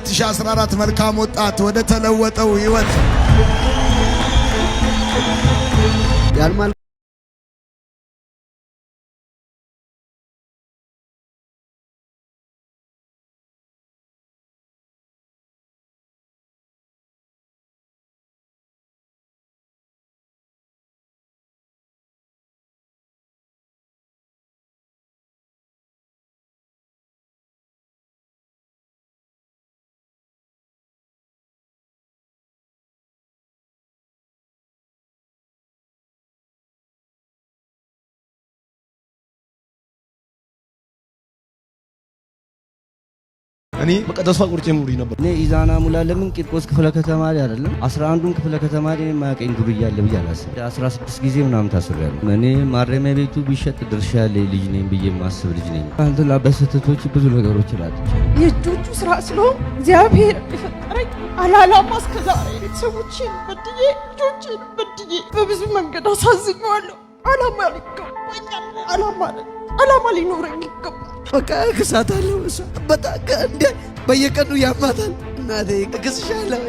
2014 መልካም ወጣት ወደ ተለወጠው ህይወት እኔ በቃ ተስፋ ቆርጬ ሙሪ ነበር። እኔ ኢዛና ሙላ ለምን ቂርቆስ ክፍለ ከተማ ላይ አይደለም አስራ አንዱን ክፍለ ከተማ ላይ የማያውቀኝ ዱርያ አለ ብዬ አላስብም። አስራ ስድስት ጊዜ ምናምን ታስሬያለሁ። እኔ ማረሚያ ቤቱ ቢሸጥ ድርሻ ያለ ልጅ ነኝ ብዬ የማስብ ልጅ ነኝ። አንተላ በስህተቶች ብዙ ነገሮች ላት የእጆቹ ስራ ስለሆን እግዚአብሔር የፈጠረኝ አላላማ እስከዛሬ ቤተሰቦቼን በድዬ ልጆቼን በድዬ በብዙ መንገድ አሳዝኘዋለሁ። አላማ ያልገባኛል አላማ አላማ ሊኖረኝ ይገባል። በቃ እክሳታለሁ። እሷ በጣም እንደ በየቀኑ ያማታል። እናቴ እክስሻለሁ፣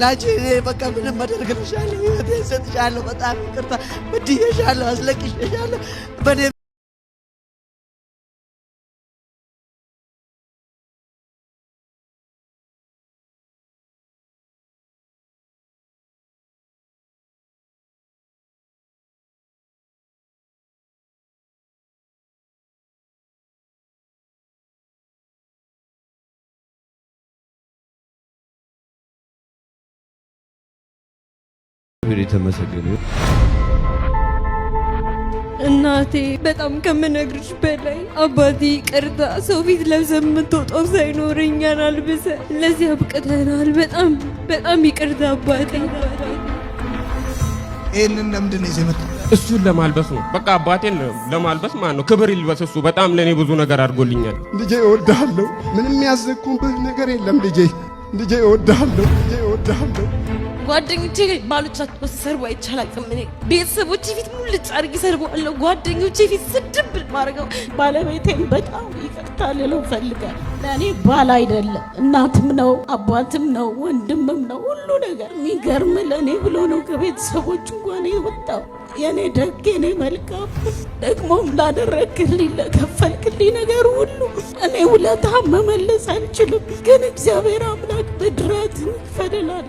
ላንቺ በቃ ምንም መደርግልሻለሁ፣ ሰጥሻለሁ፣ በጣም ይቅርታ በድዬሻለሁ፣ አስለቅሼሻለሁ፣ በእኔ እግዚአብሔር የተመሰገነ። እናቴ በጣም ከምነግርሽ በላይ አባቴ ይቅርታ፣ ሰው ፊት ለብሰ የምትወጣው ሳይኖረኛን አልብሰ ለዚህ አብቅተናል። በጣም በጣም ይቅርታ አባቴ። ይህንን ለምንድን ይዘህ መጣ? እሱን ለማልበስ ነው። በቃ አባቴን ለማልበስ ማለት ነው። ክብር ይልበስ። እሱ በጣም ለእኔ ብዙ ነገር አድርጎልኛል። ልጄ እወድሃለሁ። ምንም ያዘኩብህ ነገር የለም ልጄ ልጄ እወድሃለሁ። ልጄ እወድሃለሁ። ጓደኞቼ ባሎቻቸው ሲሰርቡ አይቻላቅም። እኔ ቤተሰቦቼ ፊት ሙልጭ አድርጌ ሰርበዋለሁ። ጓደኞቼ ፊት ስድብ ማድረገው። ባለቤቴን በጣም ይቅርታ ልለው ፈልጋል። ለእኔ ባል አይደለም፣ እናትም ነው፣ አባትም ነው፣ ወንድምም ነው፣ ሁሉ ነገር። የሚገርም ለእኔ ብሎ ነው ከቤተሰቦች እንኳን የወጣው። የእኔ ደግ የኔ መልካም፣ ደግሞም ላደረግልኝ ለከፈልክልኝ ነገር ሁሉ እኔ ውለታ መመለስ አልችልም፣ ግን እግዚአብሔር አምላክ ብድራትን ይፈደላል።